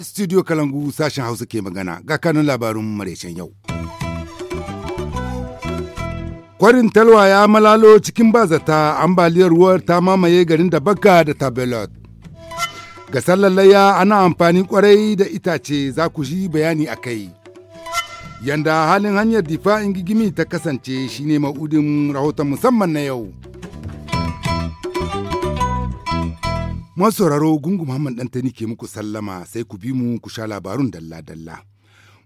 studio Kalangu. sashen Hausa ke magana ga kanun labarun maraicen yau. kwarin talwa ya malalo cikin bazata ambaliyar ruwa ta mamaye garin da baka da tabelot ga sallalaya ana amfani kwarai da itace za ku ji bayani a kai Yanda halin hanyar difa'in gigimi ta kasance shine ma'udin rahoton musamman na yau. Masauraro gungu Muhammad Dantani ke muku sallama sai ku bi mu ku sha labarun dalla-dalla.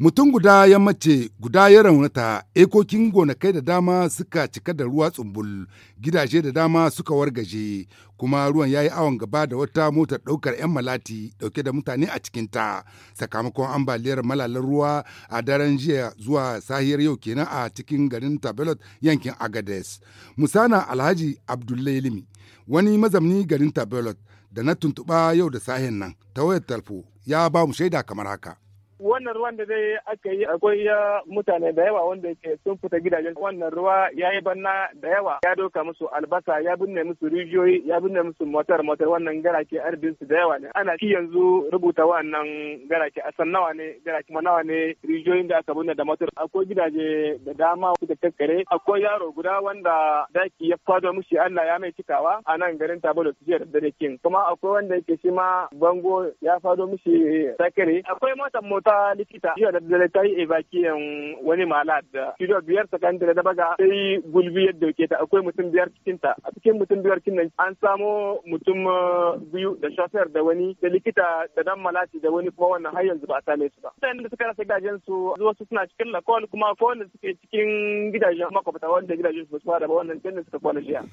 mutum guda ya mace guda ya raunata ekokin gonakai da dama suka cika da ruwa tsumbul gidaje da dama suka wargaje kuma ruwan ya yi awon gaba da wata motar daukar 'yan malati dauke da mutane a cikinta sakamakon ambaliyar malalar ruwa a daren jiya zuwa sahiyar yau kenan a cikin garin tabelot yankin agades musana alhaji abdullahi wani mazamni garin tabelot da na tuntuɓa yau da sahen nan ta wayar talfo ya ba mu shaida kamar haka wannan ruwan da zai aka yi akwai mutane da yawa wanda ke sun fita gidajen wannan ruwa ya yi banna da yawa ya doka musu albasa ya binne musu rijiyoyi ya binne musu motar motar wannan garake arbin su da yawa ne ana shi yanzu rubuta wannan garake a san nawa ne gara ma nawa ne rijiyoyin da aka binne da motar akwai gidaje da dama da kakkare akwai yaro guda wanda daki ya fado mushi Allah ya mai cikawa a nan garin Tabolo jiya da dare kin kuma akwai wanda yake shi ma bango ya fado mushi eh, sakare akwai motar wata likita jiya da dare ta yi evakiyan wani mala da kilo biyar tsakanin da na baga sai gulbi yadda ke ta akwai mutum biyar cikin ta a cikin mutum biyar cikin an samo mutum uh, biyu da shafiyar da wani da likita da dan malati da wani kuma wannan har yanzu ba a same su ba Sai da suka rasa gidajen su wasu suna cikin lakol kuma ko wanda suke cikin gidajen makwabta wanda gidajen su ba su ba wannan can suka kwana jiya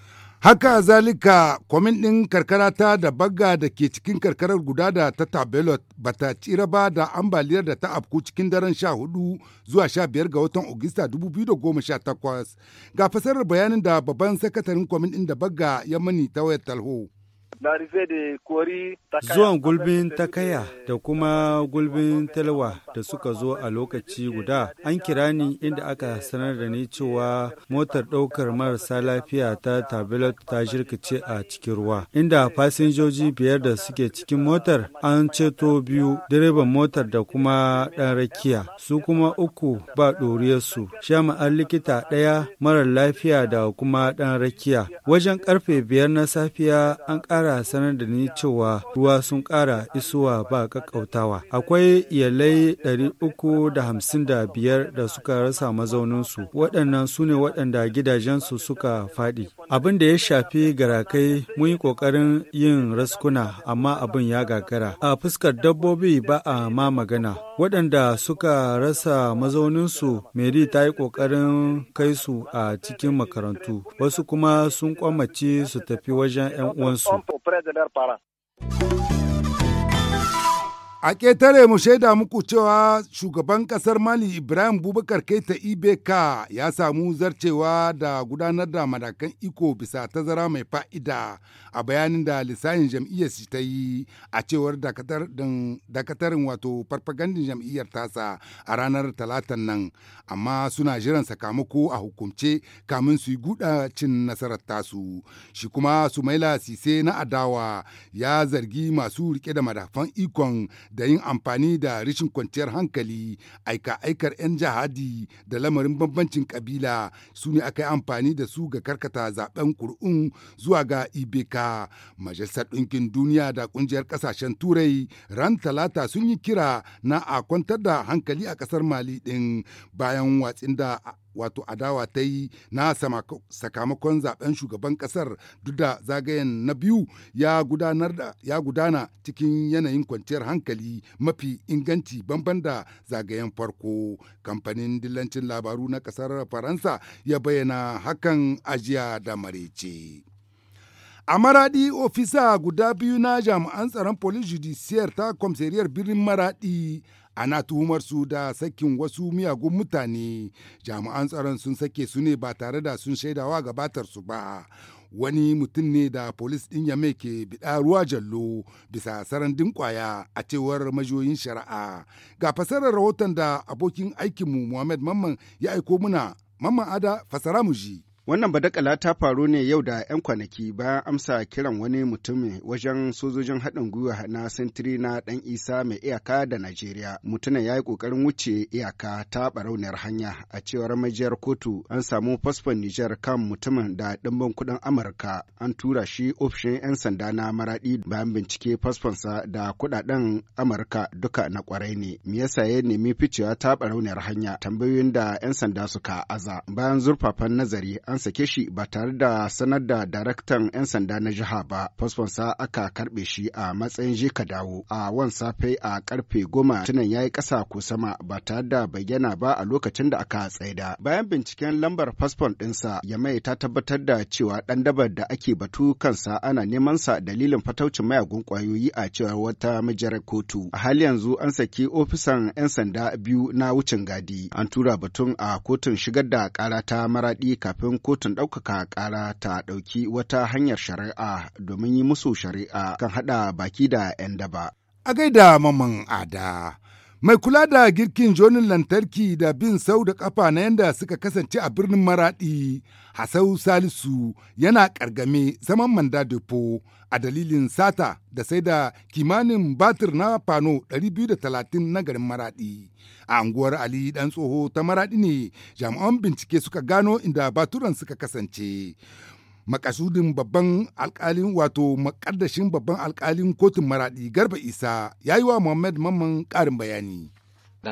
haka zalika kwamin din karkara ta da baga da ke cikin karkarar guda da ta tabelot bata tsira ba da ambaliyar da ta afku cikin daren 14 zuwa 15 ga watan Ogista 2018. Ga fasarar bayanin da babban sakataren kwamin da bagga ya mani ta wayar talho. Zuwan gulbin takaya da kuma gulbin talwa da suka zo a lokaci guda an kira ni inda aka sanar da ni cewa motar ɗaukar marasa lafiya ta tabilat ta shirkice a cikin ruwa inda fasinjoji biyar da suke cikin motar an ceto biyu direban motar da kuma ɗan rakiya su kuma uku ba ɗoriyarsu shama'an likita ɗaya marar lafiya da kuma ɗan rakiya wajen ƙarfe biyar na safiya an ƙara kara sanar da ni cewa ruwa sun ƙara isuwa ba kakkautawa. Akwai iyalai 355 da suka rasa mazauninsu, waɗannan su ne waɗanda gidajensu suka faɗi. Abin da ya shafi garakai mun yi ƙoƙarin yin raskuna amma abin ya gagara. A fuskar dabbobi ba a ma magana. Waɗanda suka rasa mazauninsu, Mary ta yi ƙoƙarin kai su a cikin makarantu, wasu kuma sun kwamace su tafi wajen 'yan uwansu. Fred Ler Pará. A ƙetare mu shaida muku cewa shugaban ƙasar Mali Ibrahim Bubakar Keita Ibeka ya samu zarcewa da gudanar da madakan iko bisa tazara mai fa'ida a bayanin da lissahin jam'iyyar shi ta yi a cewar dakatarin wato farfagandin jam'iyyar tasa a ranar talatan nan amma suna jiran sakamako a hukumce kamin su yi guda cin nasarar tasu shi kuma Sumaila Sise na adawa ya zargi masu rike da madafan ikon da yin amfani da rashin kwanciyar hankali aika aikar 'yan jihadi da lamarin bambancin kabila su ne aka yi amfani da su ga karkata zaben kur'un zuwa ga ibeka majalisar ɗinkin duniya da ƙungiyar ƙasashen turai ran talata sun yi kira na a kwantar da hankali a ƙasar mali ɗin bayan watsin da wato adawa ta yi na sakamakon zaben shugaban kasar duk da zagayen na biyu ya gudana cikin yanayin kwanciyar hankali mafi inganci banban da zagayen farko kamfanin dillancin labaru na kasar faransa ya bayyana hakan ajiya da marece. A maraɗi ofisa guda biyu na jami'an tsaron polis judiciyar ta kwamsariyar birnin maraɗi ana tuhumar su da sakin wasu miyagun mutane jami'an tsaron sun sake su ne ba tare da sun shaidawa gabatar su ba wani mutum ne da polis ɗin ya mai ke biɗa ruwa jallo bisa sarandin kwaya a cewar majiyoyin shari'a ga fasarar rahoton da abokin aikinmu muhammad mamman ya aiko muna mamman ada fasara mu ji Wannan badakala ta faru ne yau da 'yan kwanaki bayan amsa kiran wani mutumin wajen sojojin haɗin gwiwa na sintiri na ɗan isa mai iyaka da Najeriya. Mutumin ya yi ƙoƙarin wuce iyaka ta barauniyar hanya a cewar majiyar kotu an samu fasfon Nijar kan mutumin da ɗimbin kuɗin Amurka an tura shi ofishin 'yan sanda na maraɗi bayan bincike fasfonsa da kuɗaɗen Amurka duka na ƙwarai ne. Me yasa ya nemi ficewa ta barauniyar hanya tambayoyin da 'yan sanda suka aza bayan zurfafan nazari an sake shi ba tare da sanar da daraktan 'yan sanda na jiha ba. Fasfonsa aka karɓe shi a matsayin je ka dawo. A wan safe a karfe goma tunan ya yi ƙasa ko sama ba tare da bayyana ba a lokacin da aka tsaida. Bayan binciken lambar fasfon ɗinsa, mai ta tabbatar da cewa ɗan dabar da ake batu kansa ana neman sa dalilin fataucin mayagun kwayoyi a cewa wata mijar kotu. A hali yanzu an saki ofisan 'yan sanda biyu na wucin gadi. An tura batun a kotun shigar da ƙara ta maraɗi kafin kotun ɗaukaka ƙara ta ɗauki wata hanyar shari'a domin yi musu shari'a kan haɗa baki da 'yan daba. A gaida mamman ada. Mai kula da girkin jonin lantarki da bin sau da kafa na yadda suka kasance a birnin Maraɗi, Hasau Salisu yana ƙargame zaman manda depo a dalilin sata da sai da kimanin batir na fano 230 na garin Maraɗi. A anguwar Ali ɗan tsoho ta Maraɗi ne jami'an bincike suka gano inda baturan suka kasance. makasudin babban alkalin wato makaddashin babban alkalin kotun maradi garba isa ya yi wa muhammad mamman karin bayani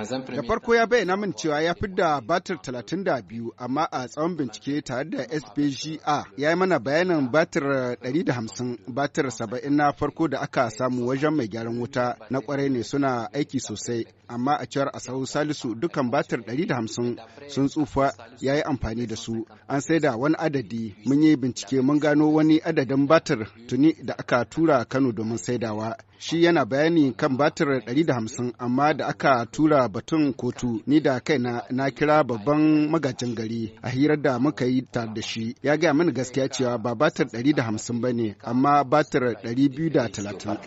Da farko ya bayyana min cewa ya fidda batir 32 amma a tsawon bincike tare da SPGA ya yi mana bayanin batir 150 batir 70 na farko da aka samu wajen mai gyaran wuta na kwarai ne suna aiki sosai amma a cewar Asahu Salisu dukkan batir 150 sun tsufa ya yi amfani da su an sai da wani adadi mun yi bincike mun gano wani adadin batir tuni da aka tura Kano domin saidawa shi yana bayani kan batir 150 amma da aka tura batun kotu ni da kaina na kira babban magajin gari a hirar da muka yi tare da shi ya gaya mini gaskiya cewa ba batir 150 ba ne amma batir 230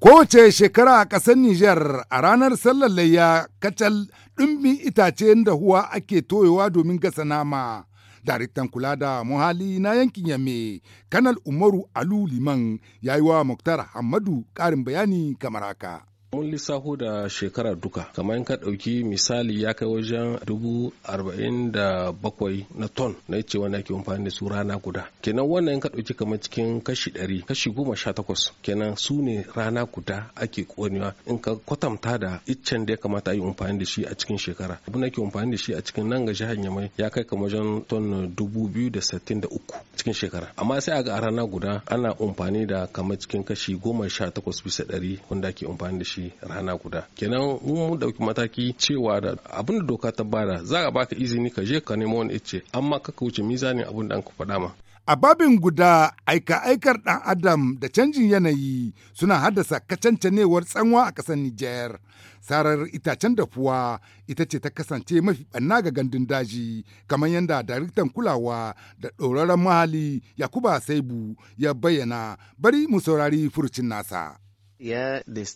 Kowace shekara a ƙasar Nijar a ranar sallar layya kacal ɗumbin itace da huwa ake toyewa domin gasa nama. Daraktan kula da muhali na yankin Yamme, Kanal Umaru Alu Liman ya yi wa Muktar Hamadu ƙarin bayani kamar haka. mun lissafo da shekara duka kamar in ka ɗauki misali ya kai wajen dubu arba'in da bakwai na ton na ce wani ake amfani da su rana guda kenan wannan in ka ɗauki kamar cikin kashi ɗari kashi goma sha takwas kenan su ne rana guda ake ƙonewa in ka kwatanta da iccen da ya kamata a yi amfani da shi a cikin shekara abin ake ke amfani da shi a cikin nan ga jihar yamai ya kai kamar wajen ton dubu biyu da sittin da uku cikin shekara amma sai a ga a rana guda ana amfani da kamar cikin kashi goma sha takwas bisa ɗari wanda ake amfani da shi shi rana guda kenan mun dauki mataki cewa da abin da doka ta bada za a baka izini ka je ka nemo wani ice amma ka wuce mizanin abin da an ka faɗa ma a babin guda aika-aikar ɗan adam da canjin yanayi suna haddasa kacancanewar tsanwa a kasar Nijar. Sarar itacen dafuwa ita ce ta kasance mafi banna ga gandun daji, kamar yadda daraktan kulawa da ɗoraren mahali Yakuba Saibu ya bayyana bari mu saurari furucin nasa.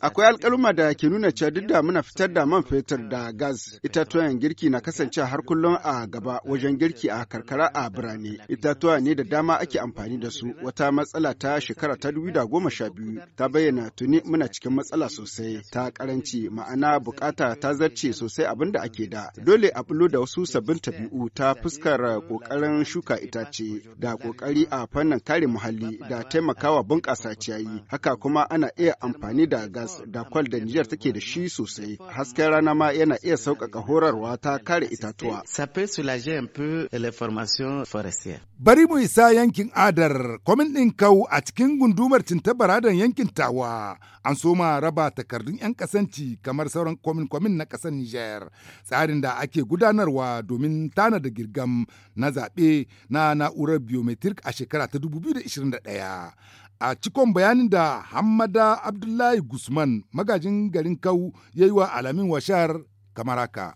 Akwai alƙaluma da ke nuna cewa duk da muna fitar da man fetur da gas, itatuwan girki na kasance har kullum a gaba wajen girki a karkara a birane. Itatuwa ne da dama ake amfani da su. Wata matsala ta shekara ta goma sha biyu ta bayyana tuni muna cikin matsala sosai ta karanci ma'ana bukata ta zarce sosai abin da ake da. Dole a bulo da wasu sabbin tabi'u ta fuskar kokarin shuka itace da kokari a fannin kare muhalli da taimakawa bunƙasa ciyayi. Haka kuma ana iya amfani da gas da kwal da Nijar take da shi sosai. Hasken rana ma yana iya sauƙaƙa horarwa ta kare itatuwa. Bari mu isa yankin Adar, kwamin ɗin kau a cikin gundumar da yankin Tawa. An soma raba takardun 'yan kasanci kamar sauran kwamin-kwamin na ƙasar Nijar. Tsarin da ake gudanarwa domin tana da girgam na zaɓe na na'urar biometric a shekara ta 2021. a cikon bayanin da hamada Abdullahi Guzman magajin garin Kau ya yi wa alamin washar kamaraka.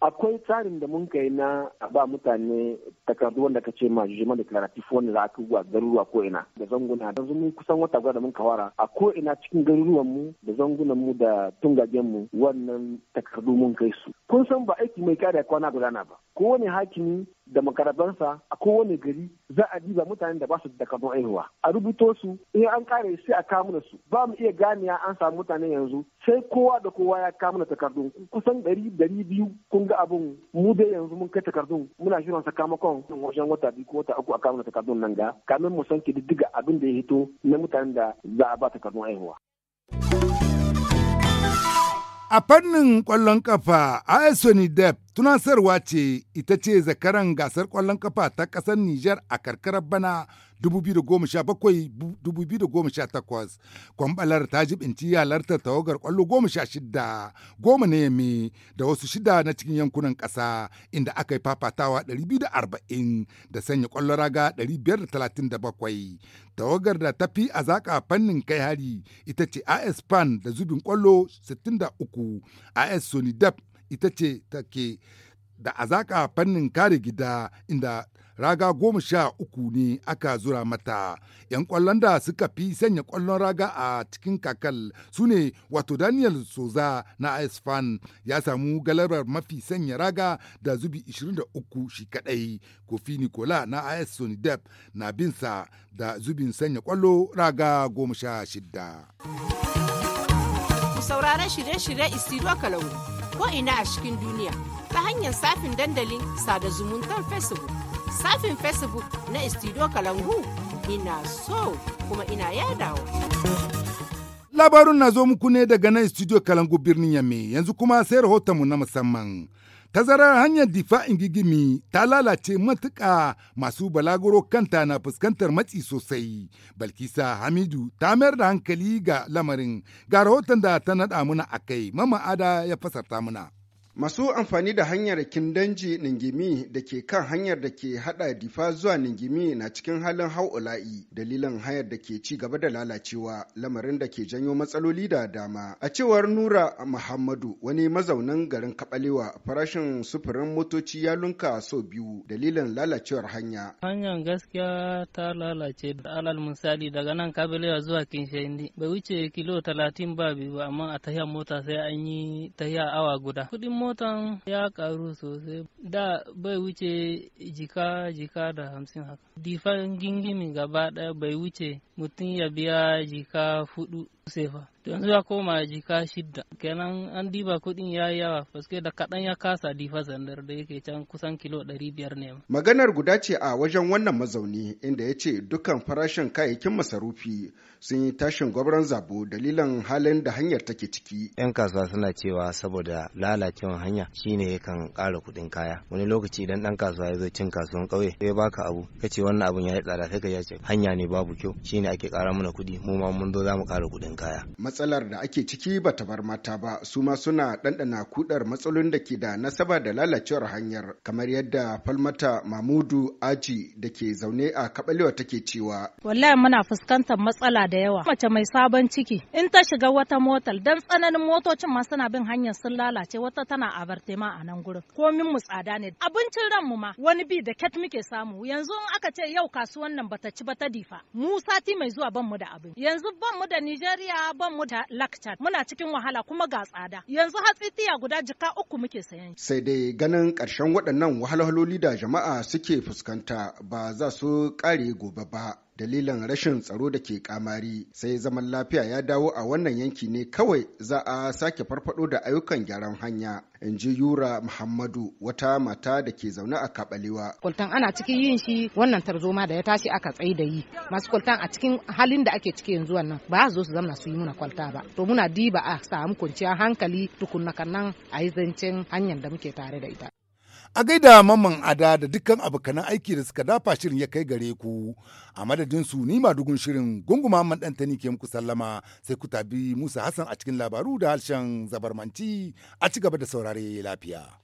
Akwai tsarin da mun kai na ba mutane takardu wanda ka ce ma jima declaratif wanda za a kuwa garuruwa ko ina da zanguna da zumi kusan wata gwada da mun kawara a ko ina cikin garuruwan mu da zangunan mu da tungagen mu wannan takardu mun kai su kun san ba aiki mai kare kwana gudana ba ko wani hakimi da makarabansa a kowane gari za a diba mutanen da ba su da kamar aihuwa a rubuto su in an kare sai a kamuna su ba mu iya gane ya an samu mutane yanzu sai kowa da kowa ya kamuna takardun kusan ɗari ɗari biyu kun ga abin mu dai yanzu mun kai takardun muna shirin sakamakon wajen wata biyu ko wata uku a kamuna takardun nan ga kamin mu san kididdiga abin da ya hito na mutanen da za a ba takardun aihuwa. A fannin ƙwallon ƙafa, Aisoni Dep tunasarwa ce ita ce zakaran gasar ƙwallon kafa ta ƙasar Nijar a karkarar bana 2017-2018 kwambalar ta jibinci halartar tawagar kwallo goma sha shida goma na yami da wasu shida na cikin yankunan ƙasa inda aka yi fafatawa 240 da sanya kwallo raga 537 tawagar da ta fi a zaƙa fannin kai hari ita ce as pan da zubin kwallo 63 as sonidap ita ce take da a zaƙa fannin kare gida inda raga goma sha uku ne aka zura mata. 'Yan kwallon da suka fi sanya kwallon raga a cikin kakal su ne wato Daniel Soza na AS Fan ya samu galabar mafi sanya raga da zubi 23 shi kadai Kofi Nicola na AS Sonidep na binsa da zubin sanya ƙwallo raga goma sha shidda. Sauraron shirye-shirye istiro Kalau ko ina a cikin duniya ta hanyar safin dandalin sada zumuntar Facebook. safin facebook na istido kalangu ina so kuma ina yadawa labarun na zo muku ne daga nan studio kalangu birnin yamme yanzu kuma sai rahotonmu na musamman tazarar hanyar difa'in gigimi ta lalace matuƙa masu balaguro kanta na fuskantar matsi sosai balkisa hamidu ta mayar da hankali ga lamarin ga rahoton da ta naɗa muna akai mama ada ya fasarta muna Masu amfani da hanyar Kindanji Ningimi da ke kan hanyar da ke hada difa zuwa Ningimi na cikin halin hau'ula'i dalilan hayar da ke ci gaba da lalacewa lamarin da ke janyo matsaloli da dama. A cewar Nura Muhammadu wani mazaunin garin Kabalewa farashin sufurin motoci ya lunka sau biyu dalilin lalacewar hanya. Hanyar gaskiya ta lalace da alal misali daga nan Kabalewa zuwa Kinshendi bai wuce kilo talatin ba biyu amma a tahiyar mota sai an yi tahiya awa guda. Kudin motan ya karu sosai da bai wuce jika jika da hamsin haka difan gingimi gaba daya bai wuce mutum ya biya jika hudu sefa to yanzu ya koma ka shidda kenan an diba kuɗin ya yi yawa faske da kaɗan ya kasa difa zandar da yake can kusan kilo ɗari biyar ne maganar guda ce a wajen wannan mazauni inda ya ce dukkan farashin kayayyakin masarufi sun yi tashin gwabran zabo dalilan halin da hanyar take ciki yan kasuwa suna cewa saboda lalacewar hanya shine yakan ƙara kuɗin kaya wani lokaci idan ɗan kasuwa ya zo cin kasuwan ƙauye ya baka abu kace wannan abun ya yi tsada sai ka ya ce hanya ne babu kyau shine ake ƙara mana kuɗi mu ma mun zo za mu ƙara kuɗin kaya. Matsalar da ake ciki ba ta bar mata ba su ma suna ɗanɗana kudar matsalolin da ke da nasaba da lalacewar hanyar kamar yadda falmata Mamudu Aji da ke zaune a Kabalewa take cewa. Wallahi muna fuskantar matsala da yawa. Mace mai sabon ciki in ta shiga wata motal, dan tsananin motocin ma suna bin hanyar sun lalace wata tana abartema a nan gurin. Komin mu tsada ne. Abincin mu ma wani bi da ket muke samu yanzu in aka ce yau kasuwan nan bata ci ba ta difa. Mu sati mai zuwa ban mu da abin. Yanzu ban mu da Nijeriya. tsiya ban mu da lactate muna cikin wahala kuma ga tsada. Yanzu hatsi tiya guda jika uku muke sayan. Sai dai ganin karshen waɗannan wahalhaloli da jama'a suke fuskanta ba za su ƙare gobe ba. dalilan rashin tsaro da ke kamari sai zaman lafiya ya dawo a wannan yanki ne kawai za a sake farfado da ayyukan gyaran hanya in ji yura muhammadu wata mata da ke zaune a kabalewa kwaltan ana cikin yin shi wannan tarzoma da ya tashi aka tsayi da yi masu kwaltan a cikin halin da ake ciki yanzu wannan ba su zo su zamna su yi muna kwalta ba to muna diba a samu kwanciyar hankali tukunna kannan a yi zancen hanyar da muke tare da ita A gaida mamman ada da dukkan abokanan aiki da suka dafa shirin ya kai gare ku a madadin su ni ma madugun shirin gunguma man tani ke muku sallama sai ku tabi Musa Hassan a cikin labaru da harshen zabarmanci a ci gaba da saurare lafiya.